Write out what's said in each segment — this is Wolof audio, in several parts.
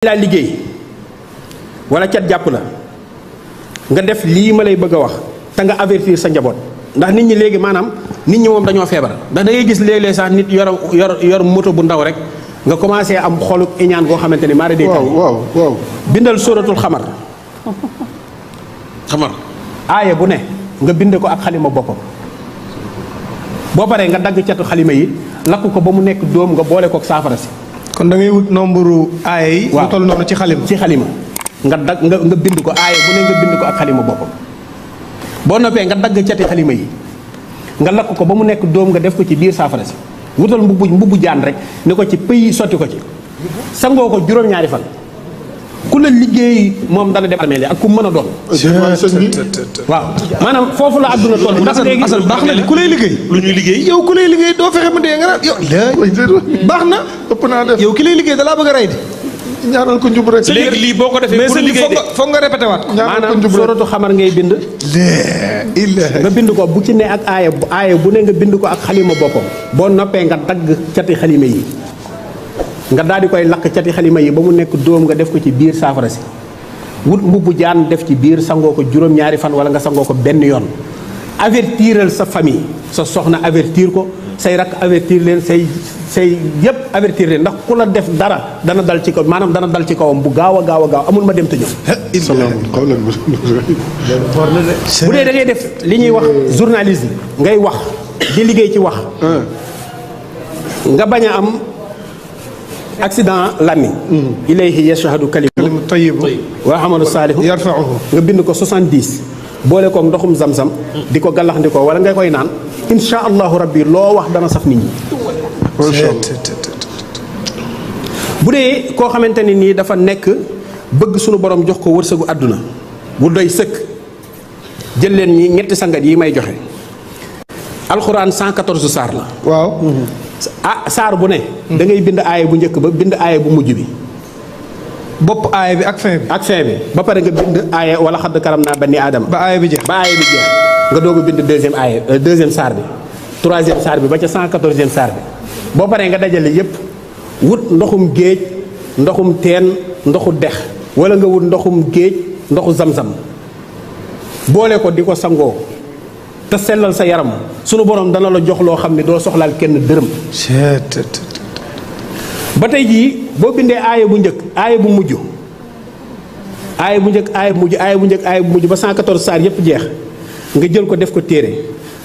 laa liggéey wala cat jàpp la nga def lii ma lay bëgg a wax te nga avertir sa njaboot ndax nit ñi léegi maanaam nit ñi moom dañoo feebar ndax da gis léeg-léeg sax nit yor yor yor moto bu ndaw rek nga commencé am xolub iñaan goo xamante ni maara day taw waaw waaw bindal sóoratul xamar xamar aaya bu ne nga bind ko ak xalima boppam boo paree nga dagg catu xalima yi lakk ko ba mu nekk dóom nga boole kook saafara si kon da ngay wut nombre aaya yi. waaw lu noonu ci xalima. ci xalima nga dag nga nga bind ko aaya bu ne nga bind ko ak xalima boppam boo noppee nga dagg cati xalima yi nga lakk ko ba mu nekk doom nga def ko ci biir saafara si wutal mbubbu mbubbu jaan rek ni ko ci pëy sotti ko ci sangoo ko juróom-ñaari fan. ku la liggéey moom dana dem armeel ak ku mën a doon. waaw maanaam foofu la àdduna toll. ndax léegi asal baax na ku lay liggéey. lu ñuy liggéey yow ku lay liggéey doo fexe mu dee nga naan yow. baax na. ëpp naa def yow ki lay liggéey dalaa bëgg a rey de. ko njub rek. léegi lii boo ko defee pour liggéey de foog nga répété waat. ñaanal ko njub rek maanaam soratu xamar ngay bind. nga bind ko bu ci ne ak aaya aaya bu ne nga bind ko ak xalima boppam. boo noppee nga dagg cati xalima yi nga daal di koy lakk cati xalima yi ba mu nekk dóom nga def ko ci biir saafara si wut mbubbu jaan def ci biir sangoo ko juróom-ñaari fan wala nga sangoo ko benn yoon avertiral sa famille sa soxna avertir ko say rakk avertir leen say say yëpp avertir leen ndax ku la def dara dana dal ci kaw maanaam dana dal ci kawam bu gaaw a gaaw a gaaw amul ma dem te ñëw. bu dee da ngay def li ñuy wax journalisme ngay wax di liggéey ci wax. nga bañ a am. accident lami ilayhi yashhadu kalimu tayyib wa amalu saalihu yarfa'uhu nga bind ko 70 bolé ko ndoxum zamzam diko galax ko wala ngay koy nan insha allah rabbi lo wax dana saf nit ñi budé ko xamanteni ni dafa nek bëgg sunu borom jox ko wërsëgu aduna bu doy sëkk jël leen ñi ñett sangat yi may joxe alxuraan 114 sar la waaw ah saar bu ne. Hmm. da ngay bind aaya bu njëkk ba bind aaya bu mujj bi. bopp aaya bi ak fin bi. bi ba pare nga bind aaya wala xadd karam naa bani aadam ba aaya bi jeex ba aaya bi jeex nga doog bind deuxième aaya euh, deuxième saar bi. troisième saar bi ba ca cent quatorzième saar bi boo paree nga dajale yépp wut ndoxum géej ndoxum teen ndoxu dex wala nga wut ndoxum géej ndoxu zamzam boole ko di ko sangoo. te sellal sa yaram sunu borom dana la jox xam ne doo soxlaal kenn dërëm. ba tey jii boo bindee aaya bu njëkk aaya bu mujj aaya bu njëkk aaya bu mujj aaya njëkk aaya mujj ba 114 saar yépp jeex nga jël ko def ko téere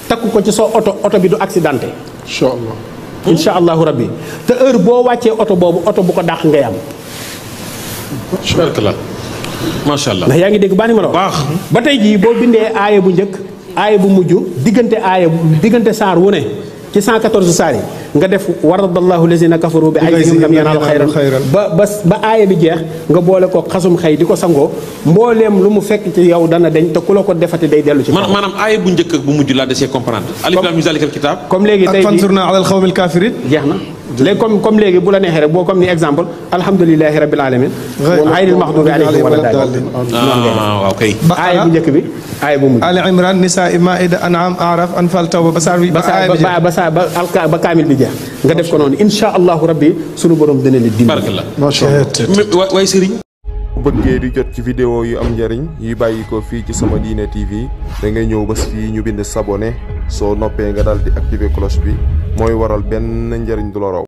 takk ko ci soo oto oto bi du accidenté. incha allah incha allahu rabbi te heure boo wàccee oto boobu oto bu ko dàq ngay am. ndax yaa ngi dégg baax ni ma la wax. ba tey jii boo bindee aaya bu njëkk. aaye bu mujj diggante aaya diggante saar wu ne ci 114 saar yi nga def war a kafaru bi aydihim lam yanaalu xayran ba ba ba aaya bi jeex nga boole ko xasum xëy di ko sangoo mbooleem lu mu fekk ci yow dana dañ te ku la ko defati day dellu ci maanaam aaya bu njëkk ak bu mujj laa desee comprendre comme léegi tey fansurna alal xawmil kaafirin jeex na léegi comme comme léegi bu la neexee rek boo comme ni exemple alhamdulilahi rabil alamin xayril maxdubi alayhim wala daalin waaw kay aaya bu njëkk bi aaya bu mujj ali imran nisa maida anam araf anfal tawba ba saar bi ba ba ba saa ba alka ba kaamil bi jeex nga def ko noonu insha allahu rabbi sunu borom dina la dimbali barkallah macha allah waay sëriñ bëggee di jot ci vidéo yu am njëriñ yi bàyyi ko fii ci sama diine tv da ngay ñëw bés fii ñu bind sabonné soo noppee nga daal di activer cloche bi mooy waral benn njëriñ du la raw